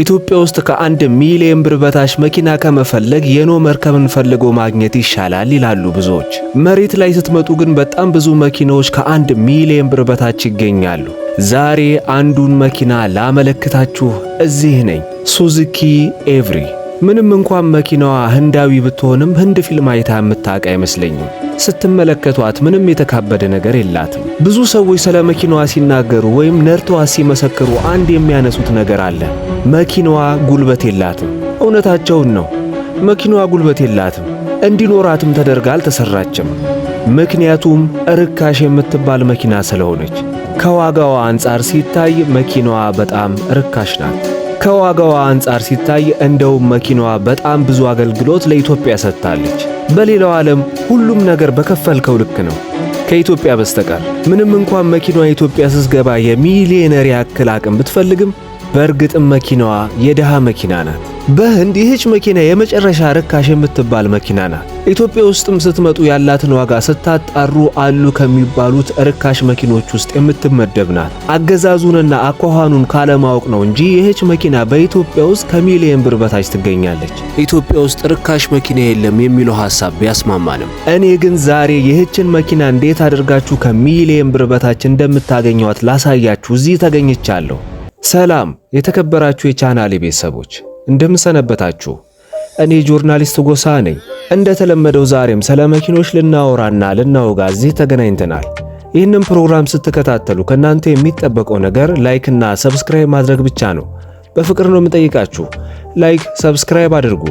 ኢትዮጵያ ውስጥ ከአንድ ሚሊዮን ብር በታች መኪና ከመፈለግ የኖ መርከብን ፈልጎ ማግኘት ይሻላል ይላሉ ብዙዎች። መሬት ላይ ስትመጡ ግን በጣም ብዙ መኪናዎች ከአንድ ሚሊዮን ብር በታች ይገኛሉ። ዛሬ አንዱን መኪና ላመለክታችሁ እዚህ ነኝ። ሱዙኪ ኤቭሪ። ምንም እንኳን መኪናዋ ህንዳዊ ብትሆንም ህንድ ፊልም አይታ የምታውቅ አይመስለኝም። ስትመለከቷት ምንም የተካበደ ነገር የላትም። ብዙ ሰዎች ስለ መኪናዋ ሲናገሩ ወይም ነርተዋ ሲመሰክሩ አንድ የሚያነሱት ነገር አለ። መኪናዋ ጉልበት የላትም። እውነታቸውን ነው። መኪናዋ ጉልበት የላትም፣ እንዲኖራትም ተደርጋ አልተሰራችም። ምክንያቱም ርካሽ የምትባል መኪና ስለሆነች። ከዋጋዋ አንጻር ሲታይ መኪናዋ በጣም ርካሽ ናት። ከዋጋዋ አንጻር ሲታይ እንደውም መኪናዋ በጣም ብዙ አገልግሎት ለኢትዮጵያ ሰጥታለች። በሌላው ዓለም ሁሉም ነገር በከፈልከው ልክ ነው ከኢትዮጵያ በስተቀር። ምንም እንኳን መኪናዋ ኢትዮጵያ ስትገባ የሚሊዮነር ያክል አቅም ብትፈልግም በእርግጥም መኪናዋ የድሃ መኪና ናት። በህንድ ይህች መኪና የመጨረሻ ርካሽ የምትባል መኪና ናት። ኢትዮጵያ ውስጥም ስትመጡ ያላትን ዋጋ ስታጣሩ አሉ ከሚባሉት ርካሽ መኪኖች ውስጥ የምትመደብ ናት። አገዛዙንና አኳኋኑን ካለማወቅ ነው እንጂ ይህች መኪና በኢትዮጵያ ውስጥ ከሚሊየን ብር በታች ትገኛለች። ኢትዮጵያ ውስጥ ርካሽ መኪና የለም የሚለው ሀሳብ ቢያስማማንም እኔ ግን ዛሬ ይህችን መኪና እንዴት አድርጋችሁ ከሚሊየን ብር በታች እንደምታገኘዋት ላሳያችሁ እዚህ ተገኝቻለሁ። ሰላም የተከበራችሁ የቻናሌ ቤተሰቦች እንደምሰነበታችሁ። እኔ ጆርናሊስት ጎሳ ነኝ። እንደተለመደው ዛሬም ስለ መኪኖች ልናወራና ልናወጋ እዚህ ተገናኝተናል። ይህንን ፕሮግራም ስትከታተሉ ከእናንተ የሚጠበቀው ነገር ላይክና ሰብስክራይብ ማድረግ ብቻ ነው። በፍቅር ነው የምጠይቃችሁ። ላይክ፣ ሰብስክራይብ አድርጉ።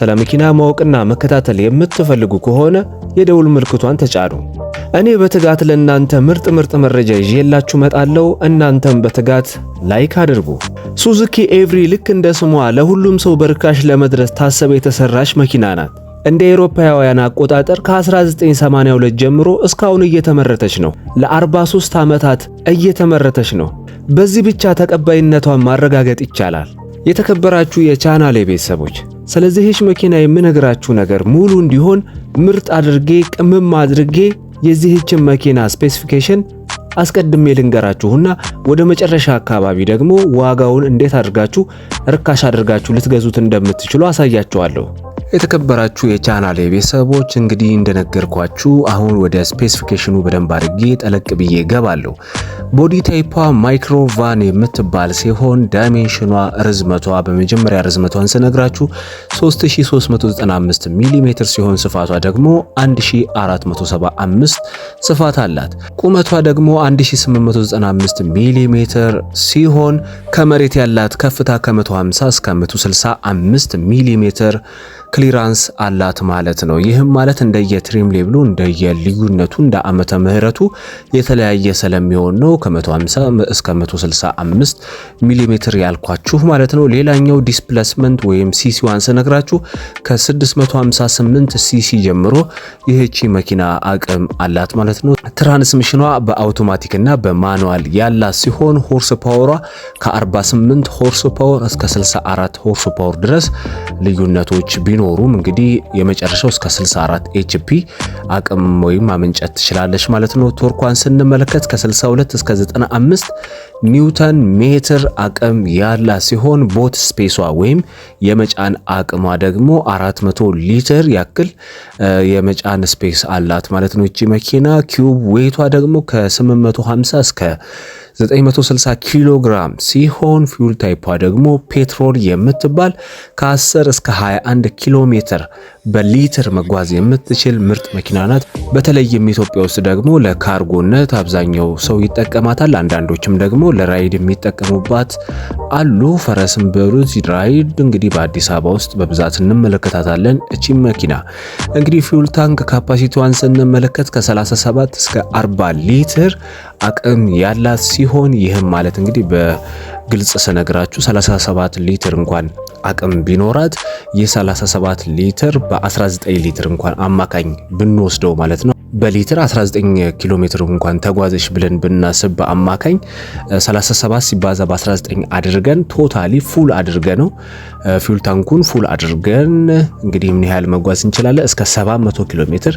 ስለ መኪና ማወቅና መከታተል የምትፈልጉ ከሆነ የደውል ምልክቷን ተጫኑ። እኔ በትጋት ለእናንተ ምርጥ ምርጥ መረጃ ይዤላችሁ መጣለሁ። እናንተም በትጋት ላይክ አድርጉ። ሱዙኪ ኤቭሪ ልክ እንደ ስሟ ለሁሉም ሰው በርካሽ ለመድረስ ታሰበ የተሰራች መኪና ናት። እንደ አውሮፓውያን አቆጣጠር ከ1982 ጀምሮ እስካሁን እየተመረተች ነው። ለ43 ዓመታት እየተመረተች ነው። በዚህ ብቻ ተቀባይነቷን ማረጋገጥ ይቻላል። የተከበራችሁ የቻናሌ ቤተሰቦች ስለዚህች መኪና የምነግራችሁ ነገር ሙሉ እንዲሆን ምርጥ አድርጌ ቅምም አድርጌ የዚህችን መኪና ስፔሲፊኬሽን አስቀድሜ ልንገራችሁና ወደ መጨረሻ አካባቢ ደግሞ ዋጋውን እንዴት አድርጋችሁ ርካሽ አድርጋችሁ ልትገዙት እንደምትችሉ አሳያችኋለሁ። የተከበራችሁ የቻናል ቤተሰቦች እንግዲህ እንደነገርኳችሁ አሁን ወደ ስፔሲፊኬሽኑ በደንብ አድርጌ ጠለቅ ብዬ ገባለሁ። ቦዲ ታይፓ ማይክሮቫን የምትባል ሲሆን ዳይሜንሽኗ ርዝመቷ በመጀመሪያ ርዝመቷን ስነግራችሁ 3395 ሚሜ ሲሆን ስፋቷ ደግሞ 1475 ስፋት አላት። ቁመቷ ደግሞ 1895 ሚሜ ሲሆን ከመሬት ያላት ከፍታ ከ150 እስከ 165 ሚሜ ክሊራንስ አላት ማለት ነው። ይህም ማለት እንደየትሪም ሌብሉ ልዩነቱ እንደ አመተ ምህረቱ የተለያየ ስለሚሆን ነው። ከ150 እስከ 165 ሚሜ ያልኳችሁ ማለት ነው። ሌላኛው ዲስፕሌስመንት ወይም ሲሲዋን ስነግራችሁ ከ658 ሲሲ ጀምሮ ይህቺ መኪና አቅም አላት ማለት ነው። ትራንስሚሽኗ በአውቶማቲክ እና በማኑዋል ያላት ሲሆን ሆርስ ፓወሯ ከ48 ሆርስ ፓወር እስከ 64 ሆርስ ፓወር ድረስ ልዩነቶች ቢ ቢኖሩም እንግዲህ የመጨረሻው እስከ 64 ኤችፒ አቅም ወይም ማመንጨት ትችላለች ማለት ነው። ቶርኳን ስንመለከት ከ62 እስከ 95 ኒውተን ሜትር አቅም ያላት ሲሆን ቦት ስፔሷ ወይም የመጫን አቅሟ ደግሞ 400 ሊትር ያክል የመጫን ስፔስ አላት ማለት ነው። እቺ መኪና ኪዩብ ዌቷ ደግሞ ከ850 እስከ 960 ኪሎ ግራም ሲሆን ፊውል ታይፓ ደግሞ ፔትሮል የምትባል ከ10 እስከ 21 ኪሎ ሜትር በሊትር መጓዝ የምትችል ምርጥ መኪና ናት። በተለይም ኢትዮጵያ ውስጥ ደግሞ ለካርጎነት አብዛኛው ሰው ይጠቀማታል። አንዳንዶችም ደግሞ ለራይድ የሚጠቀሙባት አሉ። ፈረስም በሉት ራይድ እንግዲህ በአዲስ አበባ ውስጥ በብዛት እንመለከታታለን። እቺ መኪና እንግዲህ ፊውል ታንክ ካፓሲቲዋን ስንመለከት ከ37 እስከ 40 ሊትር አቅም ያላት ሲሆን ይህም ማለት እንግዲህ በግልጽ ስነግራችሁ 37 ሊትር እንኳን አቅም ቢኖራት የ 37 ሊትር በ19 ሊትር እንኳን አማካኝ ብንወስደው ማለት ነው በሊትር 19 ኪሎ ሜትር እንኳን ተጓዘች ብለን ብናስብ በአማካኝ 37 ሲባዛ በ19 አድርገን ቶታሊ ፉል አድርገ ነው ፊውል ታንኩን ፉል አድርገን እንግዲህ ምን ያህል መጓዝ እንችላለን? እስከ 700 ኪሎ ሜትር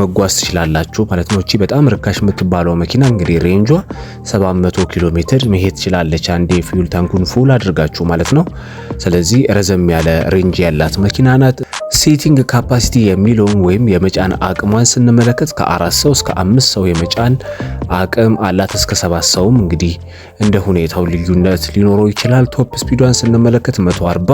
መጓዝ ትችላላችሁ ማለት ነው። እቺ በጣም ርካሽ የምትባለው መኪና እንግዲህ ሬንጇ 700 ኪሎ ሜትር መሄድ ትችላለች፣ አንዴ ፊውል ታንኩን ፉል አድርጋችሁ ማለት ነው። ስለዚህ ረዘም ያለ ሬንጅ ያላት መኪና ናት። ሴቲንግ ካፓሲቲ የሚለውን ወይም የመጫን አቅሟን ስንመለከት ከአራት ሰው እስከ አምስት ሰው የመጫን አቅም አላት። እስከ ሰባት ሰውም እንግዲህ እንደ ሁኔታው ልዩነት ሊኖረው ይችላል። ቶፕ ስፒዷን ስንመለከት 140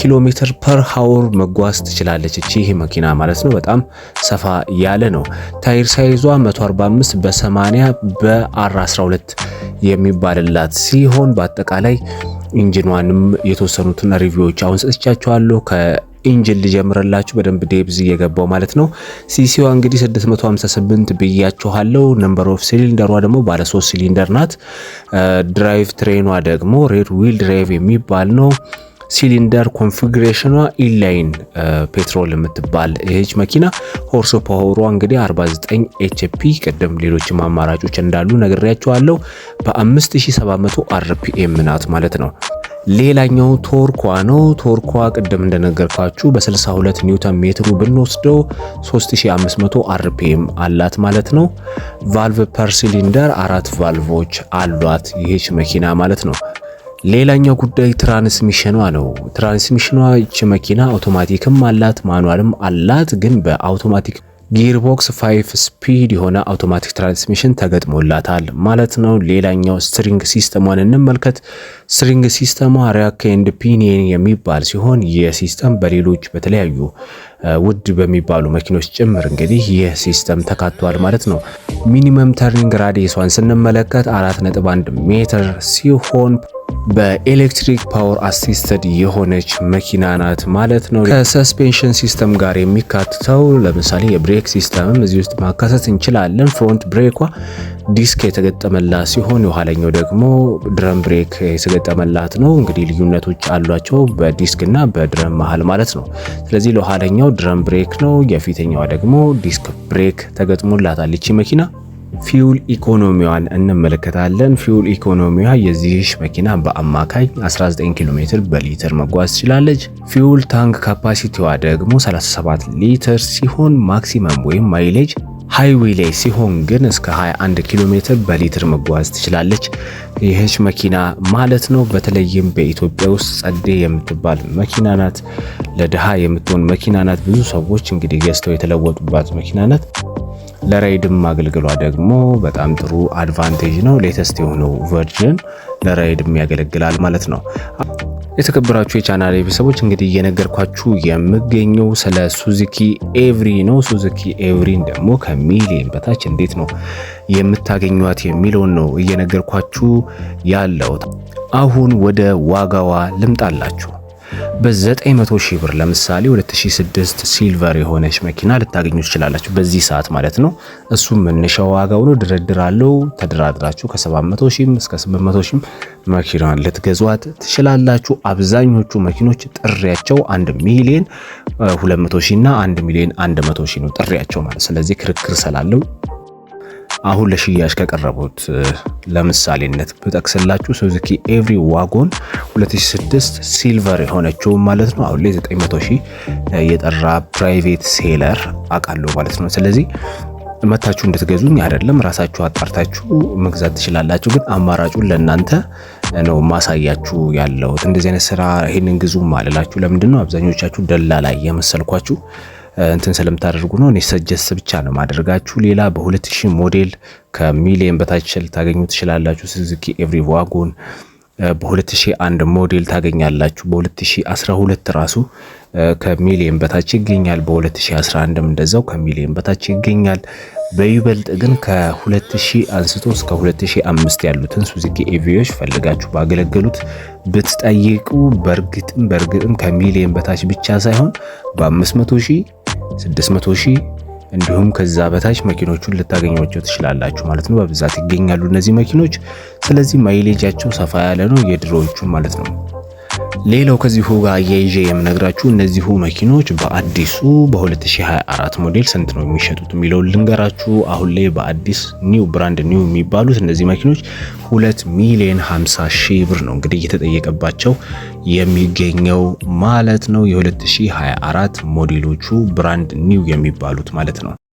ኪሎ ሜትር ፐር ሃወር መጓዝ ትችላለች። እቺ ይሄ መኪና ማለት ነው። በጣም ሰፋ ያለ ነው። ታይር ሳይዟ 145 በ80 በ12 የሚባልላት ሲሆን በአጠቃላይ ኢንጂኗንም የተወሰኑትን ሪቪዎች አሁን ሰጥቻቸዋለሁ። ኢንጂን ልጀምርላችሁ በደንብ ዴብዝ እየገባው ማለት ነው። ሲሲዋ እንግዲህ 658 ብያችኋለሁ። ነምበር ኦፍ ሲሊንደሯ ደግሞ ባለ 3 ሲሊንደር ናት። ድራይቭ ትሬኗ ደግሞ ሬድ ዊል ድራይቭ የሚባል ነው። ሲሊንደር ኮንፊግሬሽኗ ኢንላይን ፔትሮል የምትባል ይህች መኪና ሆርስ ፓወሯ እንግዲህ 49 ኤችፒ ቅድም ሌሎችም አማራጮች እንዳሉ ነግሬያቸዋለሁ። በ5700 አርፒኤም ናት ማለት ነው። ሌላኛው ቶርኳ ነው። ቶርኳ ቅድም እንደነገርኳችሁ በ62 ኒውተን ሜትሩ ብንወስደው 3500 አርፒኤም አላት ማለት ነው። ቫልቭ ፐር ሲሊንደር አራት ቫልቮች አሏት ይህች መኪና ማለት ነው። ሌላኛው ጉዳይ ትራንስሚሽኗ ነው። ትራንስሚሽኗ ይች መኪና አውቶማቲክም አላት ማኑዋልም አላት። ግን በአውቶማቲክ ጊርቦክስ ፋይቭ ስፒድ የሆነ አውቶማቲክ ትራንስሚሽን ተገጥሞላታል ማለት ነው። ሌላኛው ስትሪንግ ሲስተሟን እንመልከት። ስትሪንግ ሲስተሟ ራክ ኤንድ ፒኒየን የሚባል ሲሆን ይህ ሲስተም በሌሎች በተለያዩ ውድ በሚባሉ መኪኖች ጭምር እንግዲህ ይህ ሲስተም ተካቷል ማለት ነው። ሚኒመም ተርኒንግ ራዲየሷን ስንመለከት 4.1 ሜትር ሲሆን በኤሌክትሪክ ፓወር አሲስተድ የሆነች መኪና ናት ማለት ነው። ከሰስፔንሽን ሲስተም ጋር የሚካትተው ለምሳሌ የብሬክ ሲስተምም እዚህ ውስጥ ማካተት እንችላለን። ፍሮንት ብሬኳ ዲስክ የተገጠመላት ሲሆን የኋለኛው ደግሞ ድረም ብሬክ የተገጠመላት ነው። እንግዲህ ልዩነቶች አሏቸው በዲስክ እና በድረም መሀል ማለት ነው። ስለዚህ ለኋለኛው ድረም ብሬክ ነው፣ የፊተኛዋ ደግሞ ዲስክ ብሬክ ተገጥሞላታል ይቺ መኪና ፊውል ኢኮኖሚዋን እንመለከታለን። ፊውል ኢኮኖሚዋ የዚህሽ መኪና በአማካይ 19 ኪሎ ሜትር በሊትር መጓዝ ትችላለች። ፊውል ታንክ ካፓሲቲዋ ደግሞ 37 ሊትር ሲሆን ማክሲመም ወይም ማይሌጅ ሃይዌይ ላይ ሲሆን ግን እስከ 21 ኪሎ ሜትር በሊትር መጓዝ ትችላለች ይህች መኪና ማለት ነው። በተለይም በኢትዮጵያ ውስጥ ጸዴ የምትባል መኪና ናት። ለድሃ የምትሆን መኪና ናት። ብዙ ሰዎች እንግዲህ ገዝተው የተለወጡባት መኪና ናት። ለራይድም አገልግሏ ደግሞ በጣም ጥሩ አድቫንቴጅ ነው። ሌተስት የሆነው ቨርዥን ለራይድም ያገለግላል ማለት ነው። የተከበራችሁ የቻናል ቤተሰቦች እንግዲህ እየነገርኳችሁ የምገኘው ስለ ሱዙኪ ኤቭሪ ነው። ሱዙኪ ኤቭሪን ደግሞ ከሚሊየን በታች እንዴት ነው የምታገኟት የሚለውን ነው እየነገርኳችሁ ያለው። አሁን ወደ ዋጋዋ ልምጣላችሁ። በ900 ሺህ ብር ለምሳሌ 2006 ሲልቨር የሆነች መኪና ልታገኙ ትችላላችሁ። በዚህ ሰዓት ማለት ነው። እሱ መነሻ ዋጋው ነው። ድረድራለው ተደራድራችሁ ከ700 ሺህም እስከ 800 ሺህም መኪናን ልትገዟት ትችላላችሁ። አብዛኞቹ መኪኖች ጥሪያቸው 1 ሚሊዮን 200 ሺህ እና 1 ሚሊዮን 100 ሺህ ነው ጥሪያቸው ማለት ስለዚህ ክርክር ስላለው አሁን ለሽያጭ ከቀረቡት ለምሳሌነት ብጠቅስላችሁ ሱዙኪ ኤቭሪ ዋጎን 2006 ሲልቨር የሆነችው ማለት ነው። አሁን ላይ 900 ሺህ የጠራ ፕራይቬት ሴለር አውቃለሁ ማለት ነው። ስለዚህ መታችሁ እንድትገዙኝ አይደለም፣ ራሳችሁ አጣርታችሁ መግዛት ትችላላችሁ። ግን አማራጩን ለእናንተ ነው ማሳያችሁ ያለሁት። እንደዚህ አይነት ስራ ይህንን ግዙ ማለላችሁ ለምንድን ነው አብዛኞቻችሁ ላይ የመሰልኳችሁ እንትን ስለምታደርጉ ነው። እኔ ሰጀስ ብቻ ነው ማደርጋችሁ። ሌላ በ2000 ሞዴል ከሚሊየን በታች ልታገኙ ትችላላችሁ። ስዙኪ ኤቭሪ ዋጎን በ2001 ሞዴል ታገኛላችሁ። በ2012 ራሱ ከሚሊየን በታች ይገኛል። በ2011 እንደዛው ከሚሊየን በታች ይገኛል። በይበልጥ ግን ከ2000 አንስቶ እስከ 2005 ያሉትን ሱዚኪ ኤቪዎች ፈልጋችሁ ባገለገሉት ብትጠይቁ በእርግጥም በእርግጥም ከሚሊየን በታች ብቻ ሳይሆን በ500 ሺህ 600 ሺህ እንዲሁም ከዛ በታች መኪኖቹን ልታገኟቸው ትችላላችሁ ማለት ነው። በብዛት ይገኛሉ እነዚህ መኪኖች። ስለዚህ ማይሌጃቸው ሰፋ ያለ ነው የድሮዎቹን ማለት ነው። ሌላው ከዚሁ ጋር አያይዤ የምነግራችሁ እነዚሁ መኪኖች በአዲሱ በ2024 ሞዴል ስንት ነው የሚሸጡት የሚለውን ልንገራችሁ። አሁን ላይ በአዲስ ኒው ብራንድ ኒው የሚባሉት እነዚህ መኪኖች 2 ሚሊዮን 50 ሺህ ብር ነው እንግዲህ እየተጠየቀባቸው የሚገኘው ማለት ነው። የ2024 ሞዴሎቹ ብራንድ ኒው የሚባሉት ማለት ነው።